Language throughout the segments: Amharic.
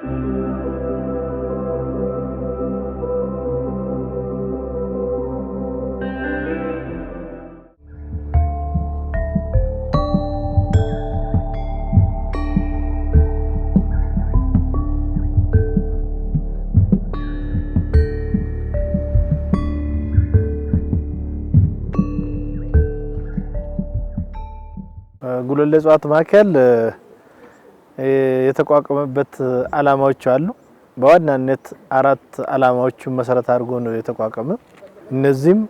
ጉለሌ እጽዋት ማዕከል የተቋቋመበት አላማዎች አሉ። በዋናነት አራት አላማዎች መሰረት አድርጎ ነው የተቋቋመ። እነዚህም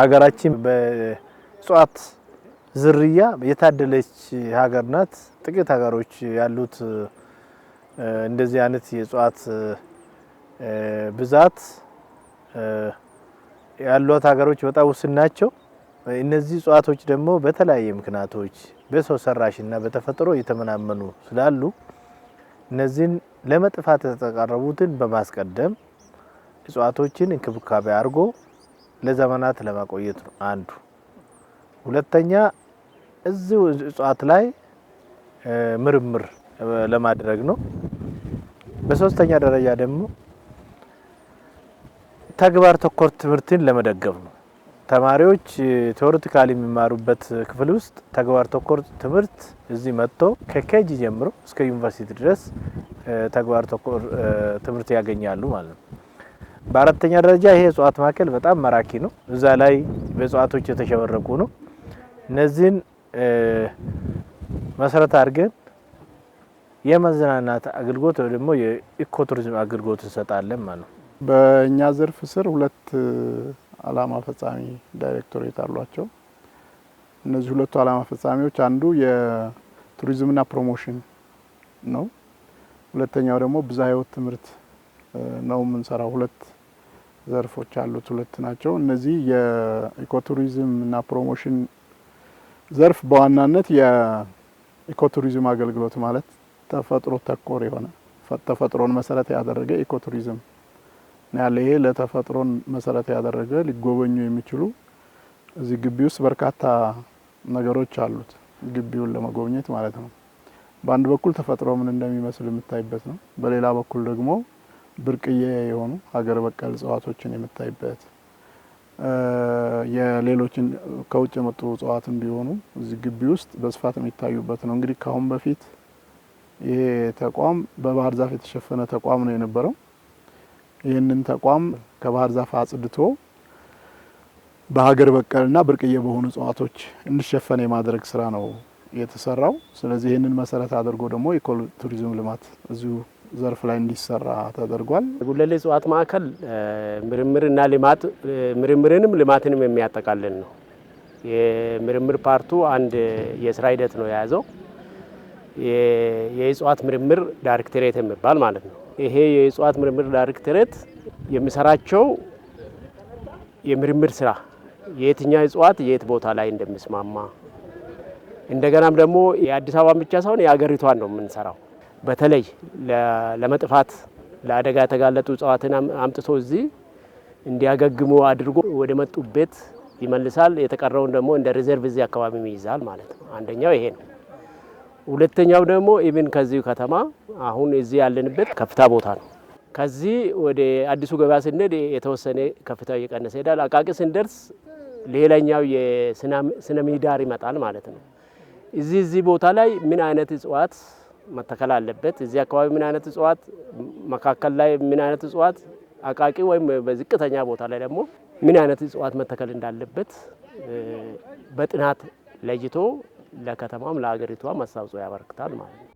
ሀገራችን በእጽዋት ዝርያ የታደለች ሀገር ናት። ጥቂት ሀገሮች ያሉት እንደዚህ አይነት የእጽዋት ብዛት ያሏት ሀገሮች በጣም ውስን ናቸው። እነዚህ እጽዋቶች ደግሞ በተለያየ ምክንያቶች በሰው ሰራሽና በተፈጥሮ እየተመናመኑ ስላሉ እነዚህን ለመጥፋት የተቃረቡትን በማስቀደም እጽዋቶችን እንክብካቤ አድርጎ ለዘመናት ለማቆየት ነው አንዱ። ሁለተኛ እዚሁ እጽዋት ላይ ምርምር ለማድረግ ነው። በሶስተኛ ደረጃ ደግሞ ተግባር ተኮር ትምህርትን ለመደገፍ ነው። ተማሪዎች ቴዎሪቲካሊ የሚማሩበት ክፍል ውስጥ ተግባር ተኮር ትምህርት እዚህ መጥቶ ከኬጂ ጀምሮ እስከ ዩኒቨርሲቲ ድረስ ተግባር ተኮር ትምህርት ያገኛሉ ማለት ነው። በአራተኛ ደረጃ ይሄ እጽዋት ማዕከል በጣም ማራኪ ነው። እዛ ላይ በእጽዋቶች የተሸበረቁ ነው። እነዚህን መሰረት አድርገን የመዝናናት አገልግሎት ወይ ደግሞ የኢኮቱሪዝም አገልግሎት እንሰጣለን ማለት ነው። በእኛ ዘርፍ ስር ሁለት አላማ ፈጻሚ ዳይሬክቶሬት አሏቸው። እነዚህ ሁለቱ አላማ ፈጻሚዎች አንዱ የቱሪዝምና ፕሮሞሽን ነው። ሁለተኛው ደግሞ ብዝሃ ህይወት ትምህርት ነው የምንሰራው። ሁለት ዘርፎች አሉት፣ ሁለት ናቸው። እነዚህ የኢኮቱሪዝም እና ፕሮሞሽን ዘርፍ በዋናነት የኢኮቱሪዝም አገልግሎት ማለት ተፈጥሮ ተኮር የሆነ ተፈጥሮን መሰረት ያደረገ ኢኮቱሪዝም ያለ ይሄ ለተፈጥሮን መሰረት ያደረገ ሊጎበኙ የሚችሉ እዚህ ግቢ ውስጥ በርካታ ነገሮች አሉት። ግቢውን ለመጎብኘት ማለት ነው። በአንድ በኩል ተፈጥሮ ምን እንደሚመስል የምታይበት ነው። በሌላ በኩል ደግሞ ብርቅዬ የሆኑ ሀገር በቀል እጽዋቶችን የምታይበት የሌሎችን ከውጭ የመጡ እጽዋትን ቢሆኑ እዚህ ግቢ ውስጥ በስፋት የሚታዩበት ነው። እንግዲህ ከአሁን በፊት ይሄ ተቋም በባህር ዛፍ የተሸፈነ ተቋም ነው የነበረው። ይህንን ተቋም ከባህር ዛፍ አጽድቶ በሀገር በቀልና ብርቅዬ በሆኑ እጽዋቶች እንዲሸፈን የማድረግ ስራ ነው የተሰራው። ስለዚህ ይህንን መሰረት አድርጎ ደግሞ ኢኮል ቱሪዝም ልማት እዚሁ ዘርፍ ላይ እንዲሰራ ተደርጓል። ጉለሌ እጽዋት ማዕከል ምርምርና ልማት ምርምርንም ልማትንም የሚያጠቃልል ነው። የምርምር ፓርቱ አንድ የስራ ሂደት ነው የያዘው የእጽዋት ምርምር ዳይሬክቶሬት የሚባል ማለት ነው። ይሄ የእጽዋት ምርምር ዳይሬክተሬት የሚሰራቸው የምርምር ስራ የየትኛ እጽዋት የት ቦታ ላይ እንደሚስማማ እንደገናም ደግሞ የአዲስ አበባን ብቻ ሳይሆን የአገሪቷን ነው የምንሰራው። በተለይ ለመጥፋት ለአደጋ የተጋለጡ እጽዋትን አምጥቶ እዚህ እንዲያገግሙ አድርጎ ወደ መጡበት ይመልሳል። የተቀረውን ደግሞ እንደ ሪዘርቭ እዚህ አካባቢ ይይዛል ማለት ነው። አንደኛው ይሄ ነው። ሁለተኛው ደግሞ ኢቭን ከዚህ ከተማ አሁን እዚህ ያለንበት ከፍታ ቦታ ነው። ከዚህ ወደ አዲሱ ገበያ ስንሄድ የተወሰነ ከፍታው እየቀነሰ ሄዳል። አቃቂ ስንደርስ ሌላኛው የስነ ምህዳር ይመጣል ማለት ነው። እዚህ እዚህ ቦታ ላይ ምን አይነት እጽዋት መተከል አለበት፣ እዚህ አካባቢ ምን አይነት እጽዋት፣ መካከል ላይ ምን አይነት እጽዋት፣ አቃቂ ወይም በዝቅተኛ ቦታ ላይ ደግሞ ምን አይነት እጽዋት መተከል እንዳለበት በጥናት ለይቶ ለከተማም ለሀገሪቷም አስተዋጽኦ ያበረክታል ማለት ነው።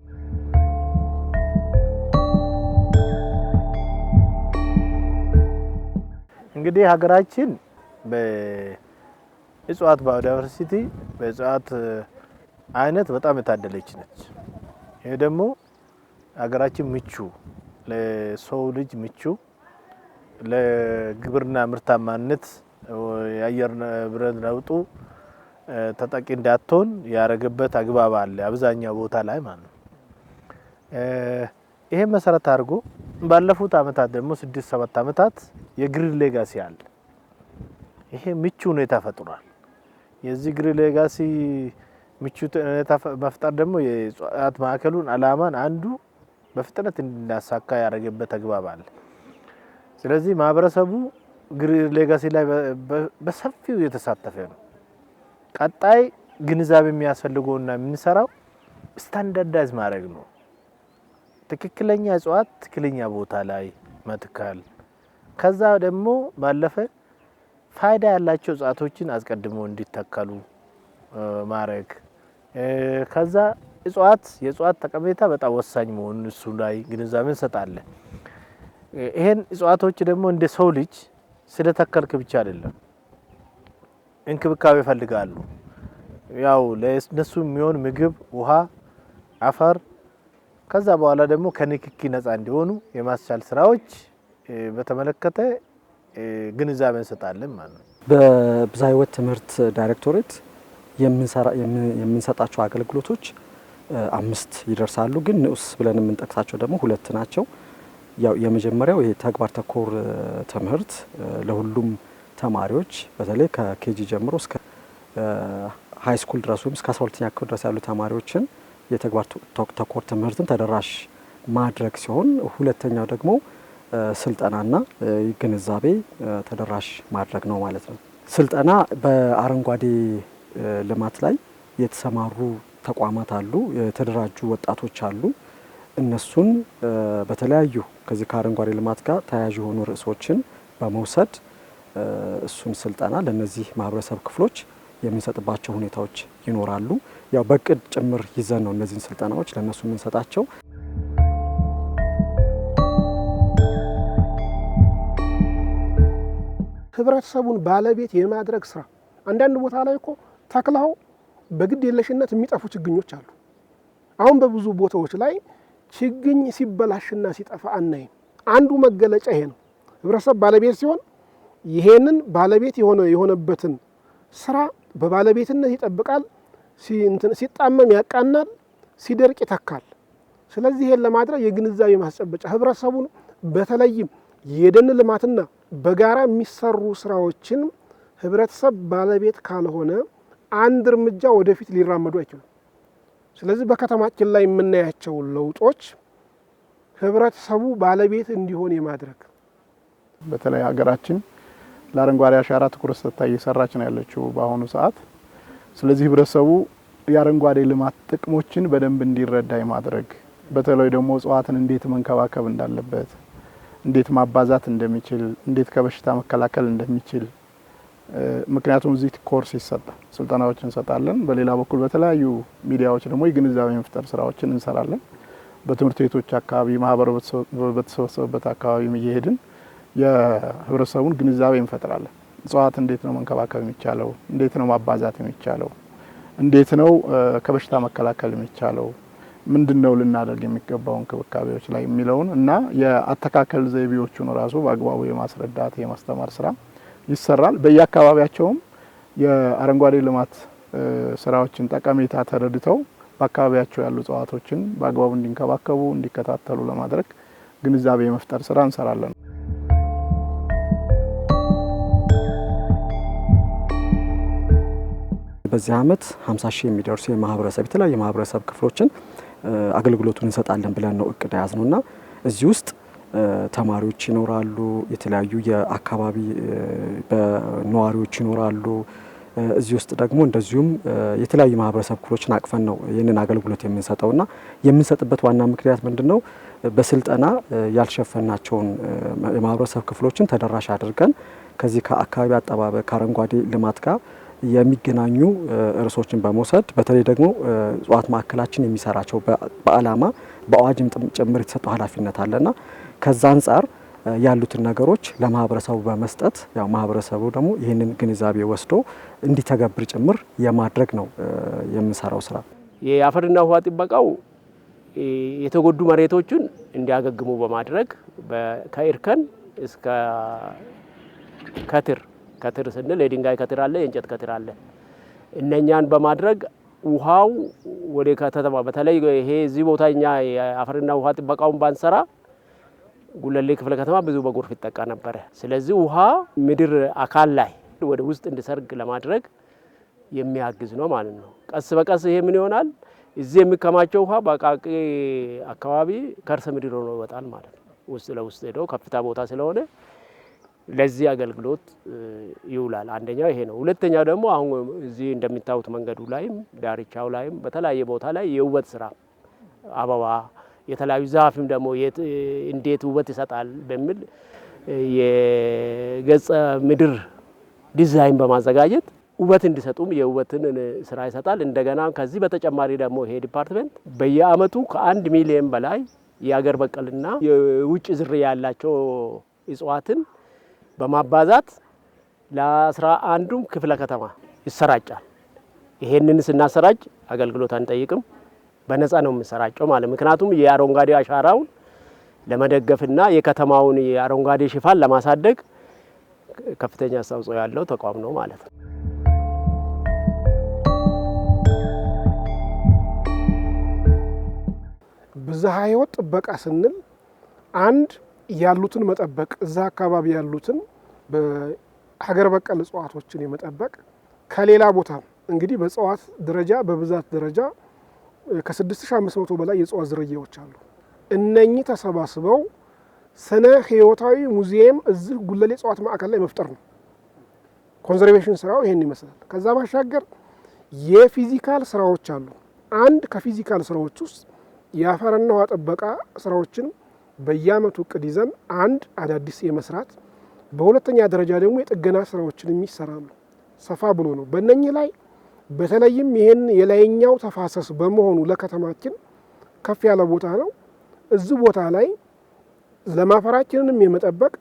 እንግዲህ ሀገራችን በእጽዋት ባዮዳይቨርሲቲ በእጽዋት አይነት በጣም የታደለች ነች። ይሄ ደግሞ ሀገራችን ምቹ ለሰው ልጅ ምቹ ለግብርና ምርታማነት የአየር ንብረት ለውጡ ተጠቂ እንዳትሆን ያደረገበት አግባብ አለ፣ አብዛኛው ቦታ ላይ ማለት ነው። ይሄ መሰረት አድርጎ ባለፉት አመታት ደግሞ ስድስት ሰባት አመታት የግሪን ሌጋሲ አለ። ይሄ ምቹ ሁኔታ ፈጥሯል። የዚህ ግሪን ሌጋሲ ምቹ ሁኔታ መፍጠር ደግሞ የእጽዋት ማዕከሉን አላማን አንዱ በፍጥነት እንዳሳካ ያደረገበት አግባብ አለ። ስለዚህ ማህበረሰቡ ግሪን ሌጋሲ ላይ በሰፊው እየተሳተፈ ነው። ቀጣይ ግንዛቤ የሚያስፈልገውና የምንሰራው ስታንዳርዳይዝ ማድረግ ነው። ትክክለኛ እጽዋት ትክክለኛ ቦታ ላይ መትከል፣ ከዛ ደግሞ ባለፈ ፋይዳ ያላቸው እጽዋቶችን አስቀድሞ እንዲተከሉ ማድረግ። ከዛ እጽዋት የእጽዋት ጠቀሜታ በጣም ወሳኝ መሆኑን እሱ ላይ ግንዛቤ እንሰጣለን። ይሄን እጽዋቶች ደግሞ እንደ ሰው ልጅ ስለተከልክ ብቻ አይደለም እንክብካቤ ይፈልጋሉ። ያው ለነሱ የሚሆን ምግብ፣ ውሃ፣ አፈር ከዛ በኋላ ደግሞ ከንክኪ ነፃ እንዲሆኑ የማስቻል ስራዎች በተመለከተ ግንዛቤ እንሰጣለን ማለት ነው። በብዝሃ ህይወት ትምህርት ዳይሬክቶሬት የምንሰጣቸው አገልግሎቶች አምስት ይደርሳሉ። ግን ንዑስ ብለን የምንጠቅሳቸው ደግሞ ሁለት ናቸው። ያው የመጀመሪያው ተግባር ተኮር ትምህርት ለሁሉም ተማሪዎች በተለይ ከኬጂ ጀምሮ እስከ ሀይ ስኩል ድረስ ወይም እስከ አስራ ሁለተኛ ክፍል ድረስ ያሉ ተማሪዎችን የተግባር ተኮር ትምህርትን ተደራሽ ማድረግ ሲሆን ሁለተኛው ደግሞ ስልጠናና ግንዛቤ ተደራሽ ማድረግ ነው ማለት ነው። ስልጠና በአረንጓዴ ልማት ላይ የተሰማሩ ተቋማት አሉ፣ የተደራጁ ወጣቶች አሉ። እነሱን በተለያዩ ከዚህ ከአረንጓዴ ልማት ጋር ተያያዥ የሆኑ ርዕሶችን በመውሰድ እሱን ስልጠና ለነዚህ ማህበረሰብ ክፍሎች የምንሰጥባቸው ሁኔታዎች ይኖራሉ። ያው በእቅድ ጭምር ይዘን ነው እነዚህን ስልጠናዎች ለእነሱ የምንሰጣቸው። ህብረተሰቡን ባለቤት የማድረግ ስራ አንዳንድ ቦታ ላይ እኮ ተክለው በግድ የለሽነት የሚጠፉ ችግኞች አሉ። አሁን በብዙ ቦታዎች ላይ ችግኝ ሲበላሽና ሲጠፋ አናይም። አንዱ መገለጫ ይሄ ነው። ህብረተሰብ ባለቤት ሲሆን ይሄንን ባለቤት የሆነ የሆነበትን ስራ በባለቤትነት ይጠብቃል፣ ሲጣመም ያቃናል፣ ሲደርቅ ይተካል። ስለዚህ ይሄን ለማድረግ የግንዛቤ ማስጨበጫ ህብረተሰቡን በተለይም የደን ልማትና በጋራ የሚሰሩ ስራዎችን ህብረተሰብ ባለቤት ካልሆነ አንድ እርምጃ ወደፊት ሊራመዱ አይችሉም። ስለዚህ በከተማችን ላይ የምናያቸው ለውጦች ህብረተሰቡ ባለቤት እንዲሆን የማድረግ በተለይ ሀገራችን ለአረንጓዴ አሻራ ትኩረት ሰጥታ እየሰራች ነው ያለችው በአሁኑ ሰዓት። ስለዚህ ህብረተሰቡ የአረንጓዴ ልማት ጥቅሞችን በደንብ እንዲረዳ የማድረግ በተለይ ደግሞ እጽዋትን እንዴት መንከባከብ እንዳለበት፣ እንዴት ማባዛት እንደሚችል፣ እንዴት ከበሽታ መከላከል እንደሚችል ምክንያቱም እዚህ ኮርስ ይሰጣል፣ ስልጠናዎች እንሰጣለን። በሌላ በኩል በተለያዩ ሚዲያዎች ደግሞ የግንዛቤ መፍጠር ስራዎችን እንሰራለን። በትምህርት ቤቶች አካባቢ ማህበረ በተሰበሰበበት አካባቢ እየሄድን የህብረተሰቡን ግንዛቤ እንፈጥራለን። እጽዋት እንዴት ነው መንከባከብ የሚቻለው? እንዴት ነው ማባዛት የሚቻለው? እንዴት ነው ከበሽታ መከላከል የሚቻለው? ምንድን ነው ልናደርግ የሚገባው እንክብካቤዎች ላይ የሚለውን እና የአተካከል ዘይቤዎቹን ራሱ በአግባቡ የማስረዳት የማስተማር ስራ ይሰራል። በየአካባቢያቸውም የአረንጓዴ ልማት ስራዎችን ጠቀሜታ ተረድተው በአካባቢያቸው ያሉ እጽዋቶችን በአግባቡ እንዲንከባከቡ፣ እንዲከታተሉ ለማድረግ ግንዛቤ የመፍጠር ስራ እንሰራለን። በዚህ ዓመት 50 ሺህ የሚደርሱ የማህበረሰብ የተለያዩ የማህበረሰብ ክፍሎችን አገልግሎቱን እንሰጣለን ብለን ነው እቅድ ያዝ እና እዚህ ውስጥ ተማሪዎች ይኖራሉ፣ የተለያዩ የአካባቢ ነዋሪዎች ይኖራሉ። እዚህ ውስጥ ደግሞ እንደዚሁም የተለያዩ ማህበረሰብ ክፍሎችን አቅፈን ነው ይህንን አገልግሎት እና የምንሰጥበት ዋና ምክንያት ምንድን ነው? በስልጠና ያልሸፈናቸውን የማህበረሰብ ክፍሎችን ተደራሽ አድርገን ከዚህ ከአካባቢ አጠባበቅ ከአረንጓዴ ልማት ጋር የሚገናኙ ርዕሶችን በመውሰድ በተለይ ደግሞ እጽዋት ማዕከላችን የሚሰራቸው በዓላማ በአዋጅም ጭምር የተሰጠው ኃላፊነት አለና ከዛ አንጻር ያሉትን ነገሮች ለማህበረሰቡ በመስጠት ያው ማህበረሰቡ ደግሞ ይህንን ግንዛቤ ወስዶ እንዲተገብር ጭምር የማድረግ ነው የምንሰራው ስራ። የአፈርና ውሃ ጥበቃው የተጎዱ መሬቶችን እንዲያገግሙ በማድረግ ከእርከን እስከ ከትር ከትር ስንል የድንጋይ ከትር አለ፣ የእንጨት ከትር አለ። እነኛን በማድረግ ውሃው ወደ ከተማ በተለይ ይሄ እዚህ ቦታ እኛ የአፈርና ውሃ ጥበቃውን ባንሰራ ጉለሌ ክፍለ ከተማ ብዙ በጎርፍ ይጠቃ ነበረ። ስለዚህ ውሃ ምድር አካል ላይ ወደ ውስጥ እንዲሰርግ ለማድረግ የሚያግዝ ነው ማለት ነው። ቀስ በቀስ ይሄ ምን ይሆናል? እዚህ የሚከማቸው ውሃ በአቃቂ አካባቢ ከርሰ ምድር ሆኖ ይወጣል ማለት ነው። ውስጥ ለውስጥ ሄዶ ከፍታ ቦታ ስለሆነ ለዚህ አገልግሎት ይውላል። አንደኛው ይሄ ነው። ሁለተኛው ደግሞ አሁን እዚህ እንደሚታዩት መንገዱ ላይም ዳርቻው ላይም በተለያየ ቦታ ላይ የውበት ስራ አበባ፣ የተለያዩ ዛፍም ደግሞ እንዴት ውበት ይሰጣል በሚል የገጸ ምድር ዲዛይን በማዘጋጀት ውበት እንዲሰጡም የውበትን ስራ ይሰጣል። እንደገና ከዚህ በተጨማሪ ደግሞ ይሄ ዲፓርትመንት በየአመቱ ከአንድ ሚሊየን በላይ የአገር በቀልና የውጭ ዝርያ ያላቸው እጽዋትን በማባዛት ለአስራ አንዱም ክፍለ ከተማ ይሰራጫል። ይሄንን ስናሰራጭ አገልግሎት አንጠይቅም፣ በነፃ ነው የምንሰራጨው ማለት ምክንያቱም የአረንጓዴ አሻራውን ለመደገፍና የከተማውን የአረንጓዴ ሽፋን ለማሳደግ ከፍተኛ አስተዋጽኦ ያለው ተቋም ነው ማለት ነው። ብዝሃ ሕይወት ጥበቃ ስንል አንድ ያሉትን መጠበቅ እዛ አካባቢ ያሉትን በሀገር በቀል እጽዋቶችን የመጠበቅ ከሌላ ቦታ እንግዲህ በእጽዋት ደረጃ በብዛት ደረጃ ከ6500 በላይ የእጽዋት ዝርያዎች አሉ። እነኚህ ተሰባስበው ስነ ህይወታዊ ሙዚየም እዚህ ጉለሌ እጽዋት ማዕከል ላይ መፍጠር ነው። ኮንዘርቬሽን ስራው ይሄን ይመስላል። ከዛ ባሻገር የፊዚካል ስራዎች አሉ። አንድ ከፊዚካል ስራዎች ውስጥ የአፈርና ውሃ ጥበቃ ስራዎችን በየአመቱ እቅድ ይዘን አንድ አዳዲስ የመስራት በሁለተኛ ደረጃ ደግሞ የጥገና ስራዎችን ነው። ሰፋ ብሎ ነው። በእነኚህ ላይ በተለይም ይህን የላይኛው ተፋሰስ በመሆኑ ለከተማችን ከፍ ያለ ቦታ ነው። እዚህ ቦታ ላይ ለማፈራችንንም የመጠበቅ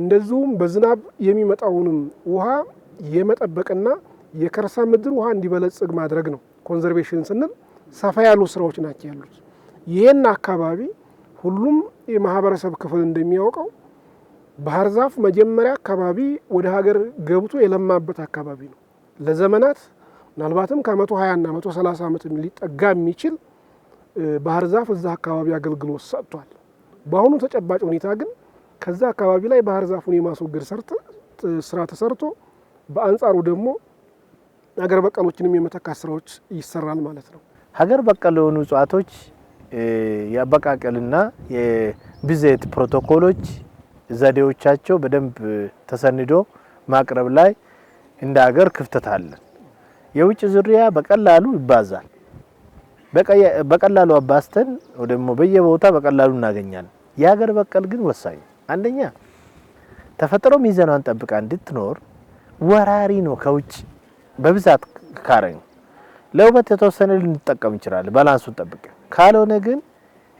እንደዚሁም በዝናብ የሚመጣውንም ውሃ የመጠበቅና የከርሰ ምድር ውሃ እንዲበለጽግ ማድረግ ነው። ኮንዘርቬሽን ስንል ሰፋ ያሉ ስራዎች ናቸው ያሉት ይህን አካባቢ ሁሉም የማህበረሰብ ክፍል እንደሚያውቀው ባህር ዛፍ መጀመሪያ አካባቢ ወደ ሀገር ገብቶ የለማበት አካባቢ ነው። ለዘመናት ምናልባትም ከመቶ ሀያና እና 30 ዓመት ሊጠጋ የሚችል ባህር ዛፍ እዛ አካባቢ አገልግሎት ሰጥቷል። በአሁኑ ተጨባጭ ሁኔታ ግን ከዛ አካባቢ ላይ ባህር ዛፉን የማስወገድ ስራ ተሰርቶ በአንጻሩ ደግሞ ሀገር በቀሎችንም የመተካት ስራዎች ይሰራል ማለት ነው። ሀገር በቀል የሆኑ እጽዋቶች የአበቃቀልና የብዜት ፕሮቶኮሎች ዘዴዎቻቸው በደንብ ተሰንዶ ማቅረብ ላይ እንደ ሀገር ክፍተት አለን። የውጭ ዝርያ በቀላሉ ይባዛል። በቀላሉ አባስተን ደግሞ በየቦታ በቀላሉ እናገኛለን። የሀገር በቀል ግን ወሳኝ አንደኛ ተፈጥሮ ሚዛኗን ጠብቃ እንድትኖር ወራሪ ነው። ከውጭ በብዛት ካረኝ ለውበት የተወሰነ ልንጠቀም እንችላለን፣ ባላንሱን ጠብቀን ካልሆነ ግን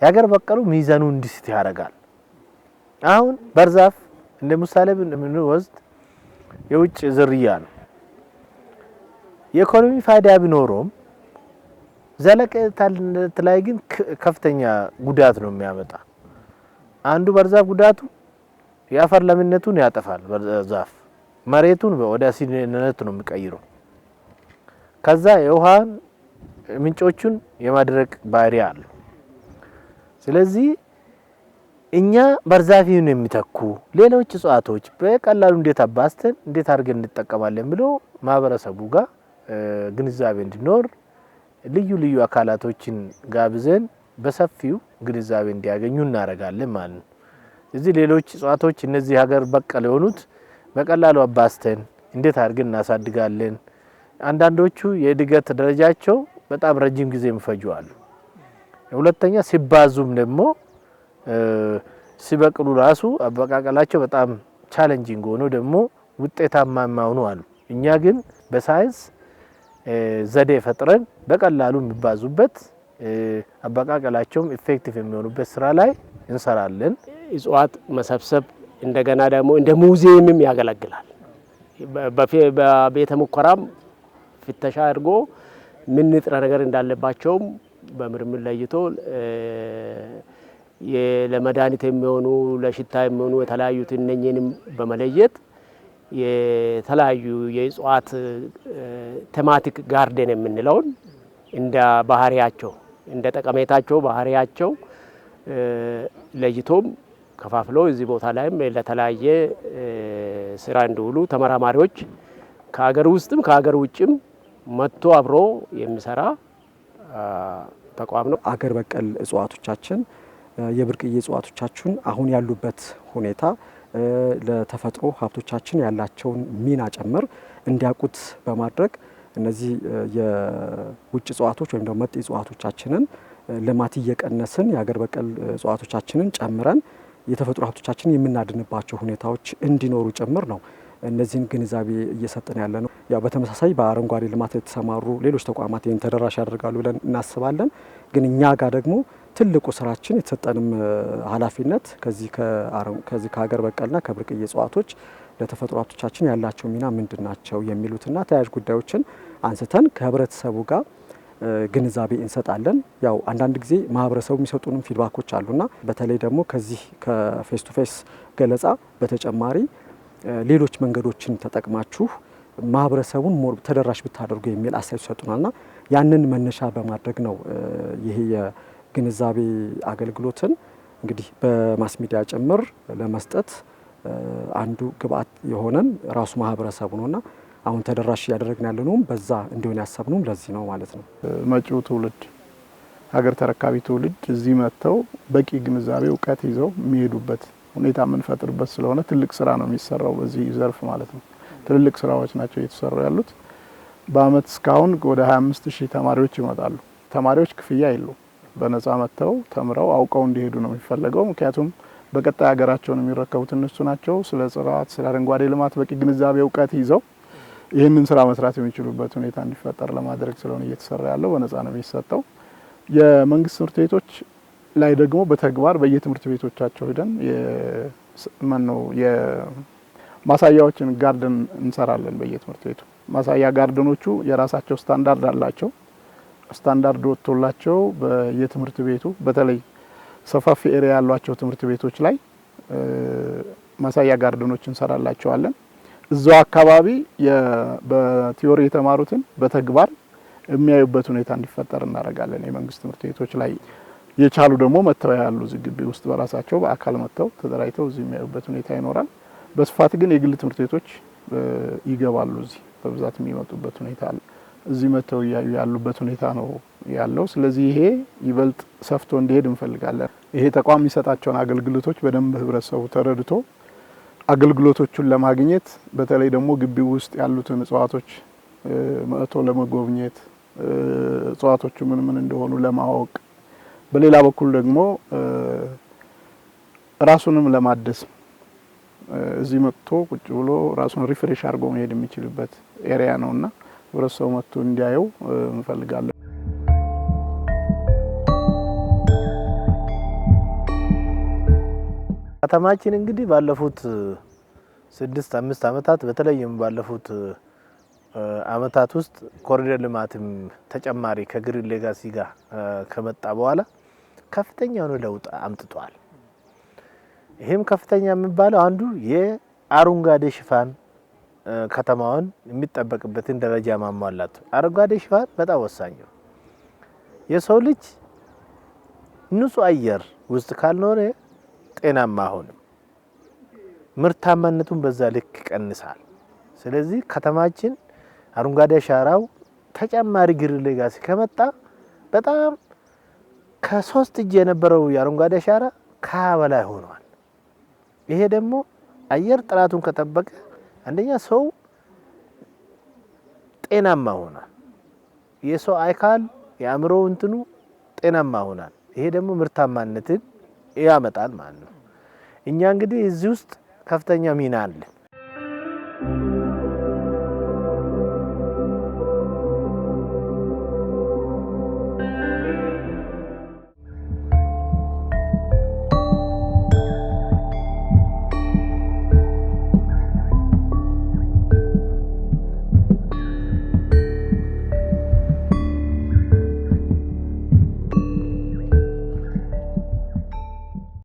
የሀገር በቀሉ ሚዛኑ እንዲስት ያደርጋል። አሁን በርዛፍ እንደ ምሳሌ ብንወስድ የውጭ ዝርያ ነው። የኢኮኖሚ ፋይዳ ቢኖረውም ዘለቀታል ላይ ግን ከፍተኛ ጉዳት ነው የሚያመጣ። አንዱ በርዛፍ ጉዳቱ የአፈር ለምነቱን ያጠፋል። በርዛፍ መሬቱን ወደ አሲድነት ነው የሚቀይረው። ከዛ የውሃን ምንጮቹን የማድረቅ ባህሪ አለው። ስለዚህ እኛ በርዛፊውን የሚተኩ ሌሎች እጽዋቶች በቀላሉ እንዴት አባስተን እንዴት አድርገን እንጠቀማለን ብሎ ማህበረሰቡ ጋር ግንዛቤ እንዲኖር ልዩ ልዩ አካላቶችን ጋብዘን በሰፊው ግንዛቤ እንዲያገኙ እናደርጋለን ማለት ነው። እዚህ ሌሎች እጽዋቶች እነዚህ ሀገር በቀል የሆኑት በቀላሉ አባስተን እንዴት አድርገን እናሳድጋለን። አንዳንዶቹ የእድገት ደረጃቸው በጣም ረጅም ጊዜ የሚፈጁ አሉ። ሁለተኛ ሲባዙም ደግሞ ሲበቅሉ ራሱ አበቃቀላቸው በጣም ቻለንጂንግ ሆኖ ደግሞ ውጤታማ የማይሆኑ አሉ። እኛ ግን በሳይንስ ዘዴ ፈጥረን በቀላሉ የሚባዙበት አበቃቀላቸውም ኢፌክቲቭ የሚሆኑበት ስራ ላይ እንሰራለን። እጽዋት መሰብሰብ እንደገና ደግሞ እንደ ሙዚየምም ያገለግላል። በቤተ ሙከራም ፍተሻ አድርጎ ምን ንጥረ ነገር እንዳለባቸውም በምርምር ለይቶ ለመድኃኒት የሚሆኑ ለሽታ የሚሆኑ የተለያዩት እነኝንም በመለየት የተለያዩ የእጽዋት ቴማቲክ ጋርደን የምንለውን እንደ ባህሪያቸው እንደ ጠቀሜታቸው ባህሪያቸው ለይቶም ከፋፍሎ እዚህ ቦታ ላይም ለተለያየ ስራ እንዲውሉ ተመራማሪዎች ከሀገር ውስጥም ከሀገር ውጭም መጥቶ አብሮ የሚሰራ ተቋም ነው። አገር በቀል እጽዋቶቻችን የብርቅዬ እጽዋቶቻችን አሁን ያሉበት ሁኔታ ለተፈጥሮ ሀብቶቻችን ያላቸውን ሚና ጭምር እንዲያውቁት በማድረግ እነዚህ የውጭ እጽዋቶች ወይም ደግሞ መጤ እጽዋቶቻችንን ልማት እየቀነስን የሀገር በቀል እጽዋቶቻችንን ጨምረን የተፈጥሮ ሀብቶቻችን የምናድንባቸው ሁኔታዎች እንዲኖሩ ጭምር ነው እነዚህን ግንዛቤ እየሰጠን ያለ ነው። ያው በተመሳሳይ በአረንጓዴ ልማት የተሰማሩ ሌሎች ተቋማት ይህን ተደራሽ ያደርጋሉ ብለን እናስባለን። ግን እኛ ጋር ደግሞ ትልቁ ስራችን የተሰጠንም ኃላፊነት ከዚህ ከሀገር በቀልና ከብርቅዬ እጽዋቶች ለተፈጥሮ ሀብቶቻችን ያላቸው ሚና ምንድን ናቸው የሚሉትና ተያያዥ ጉዳዮችን አንስተን ከህብረተሰቡ ጋር ግንዛቤ እንሰጣለን። ያው አንዳንድ ጊዜ ማህበረሰቡ የሚሰጡንም ፊድባኮች አሉና በተለይ ደግሞ ከዚህ ከፌስ ቱ ፌስ ገለጻ በተጨማሪ ሌሎች መንገዶችን ተጠቅማችሁ ማህበረሰቡን ሞር ተደራሽ ብታደርጉ የሚል አስተያየት ይሰጡናልና ያንን መነሻ በማድረግ ነው ይሄ የግንዛቤ አገልግሎትን እንግዲህ በማስ ሚዲያ ጭምር ለመስጠት አንዱ ግብአት የሆነን ራሱ ማህበረሰቡ ነውና አሁን ተደራሽ እያደረግን ያለነውም በዛ እንዲሆን ያሰብነውም ለዚህ ነው ማለት ነው። መጪው ትውልድ ሀገር ተረካቢ ትውልድ እዚህ መጥተው በቂ ግንዛቤ እውቀት ይዘው የሚሄዱበት ሁኔታ የምንፈጥርበት ስለሆነ ትልቅ ስራ ነው የሚሰራው በዚህ ዘርፍ ማለት ነው። ትልልቅ ስራዎች ናቸው እየተሰሩ ያሉት። በአመት እስካሁን ወደ 25 ሺህ ተማሪዎች ይመጣሉ። ተማሪዎች ክፍያ የሉም። በነጻ መጥተው ተምረው አውቀው እንዲሄዱ ነው የሚፈለገው። ምክንያቱም በቀጣይ ሀገራቸውን የሚረከቡት እነሱ ናቸው። ስለ ጽራት፣ ስለ አረንጓዴ ልማት በቂ ግንዛቤ እውቀት ይዘው ይህንን ስራ መስራት የሚችሉበት ሁኔታ እንዲፈጠር ለማድረግ ስለሆነ እየተሰራ ያለው በነጻ ነው የሚሰጠው። የመንግስት ትምህርት ቤቶች ላይ ደግሞ በተግባር በየትምህርት ቤቶቻቸው ሄደን ነው የማሳያዎችን ጋርደን እንሰራለን። በየትምህርት ቤቱ ማሳያ ጋርደኖቹ የራሳቸው ስታንዳርድ አላቸው። ስታንዳርድ ወጥቶላቸው በየትምህርት ቤቱ በተለይ ሰፋፊ ኤሪያ ያሏቸው ትምህርት ቤቶች ላይ ማሳያ ጋርደኖች እንሰራላቸዋለን። እዛው አካባቢ በቲዮሪ የተማሩትን በተግባር የሚያዩበት ሁኔታ እንዲፈጠር እናደርጋለን። የመንግስት ትምህርት ቤቶች ላይ የቻሉ ደግሞ መጥተው ያሉ እዚህ ግቢ ውስጥ በራሳቸው በአካል መጥተው ተደራጅተው እዚህ የሚያዩበት ሁኔታ ይኖራል። በስፋት ግን የግል ትምህርት ቤቶች ይገባሉ። እዚህ በብዛት የሚመጡበት ሁኔታ አለ። እዚህ መጥተው እያዩ ያሉበት ሁኔታ ነው ያለው። ስለዚህ ይሄ ይበልጥ ሰፍቶ እንዲሄድ እንፈልጋለን። ይሄ ተቋም የሚሰጣቸውን አገልግሎቶች በደንብ ህብረተሰቡ ተረድቶ አገልግሎቶቹን ለማግኘት በተለይ ደግሞ ግቢው ውስጥ ያሉትን እጽዋቶች መጥቶ ለመጎብኘት እጽዋቶቹ ምን ምን እንደሆኑ ለማወቅ በሌላ በኩል ደግሞ ራሱንም ለማደስ እዚህ መጥቶ ቁጭ ብሎ ራሱን ሪፍሬሽ አድርጎ መሄድ የሚችልበት ኤሪያ እና ህብረተሰቡ መጥቶ እንዲያየው እንፈልጋለን። ከተማችን እንግዲህ ባለፉት ስድስት አምስት ዓመታት በተለይም ባለፉት አመታት ውስጥ ኮሪደር ልማትም ተጨማሪ ከግሪን ሌጋሲ ጋር ከመጣ በኋላ ከፍተኛ የሆነ ለውጥ አምጥቷል። ይህም ከፍተኛ የሚባለው አንዱ የአረንጓዴ ሽፋን ከተማውን የሚጠበቅበትን ደረጃ ማሟላት። አረንጓዴ ሽፋን በጣም ወሳኝ ነው። የሰው ልጅ ንጹህ አየር ውስጥ ካልኖረ ጤናማ አይሆንም። ምርታማነቱን በዛ ልክ ይቀንሳል። ስለዚህ ከተማችን አረንጓዴ አሻራው ተጨማሪ ግሪን ሌጋሲ ከመጣ በጣም ከሶስት እጅ የነበረው የአረንጓዴ አሻራ ከሀያ በላይ ሆኗል። ይሄ ደግሞ አየር ጥራቱን ከጠበቀ አንደኛ ሰው ጤናማ ሆናል። የሰው አካል የአእምሮ እንትኑ ጤናማ ሆናል። ይሄ ደግሞ ምርታማነትን ያመጣል ማለት ነው። እኛ እንግዲህ እዚህ ውስጥ ከፍተኛ ሚና አለን።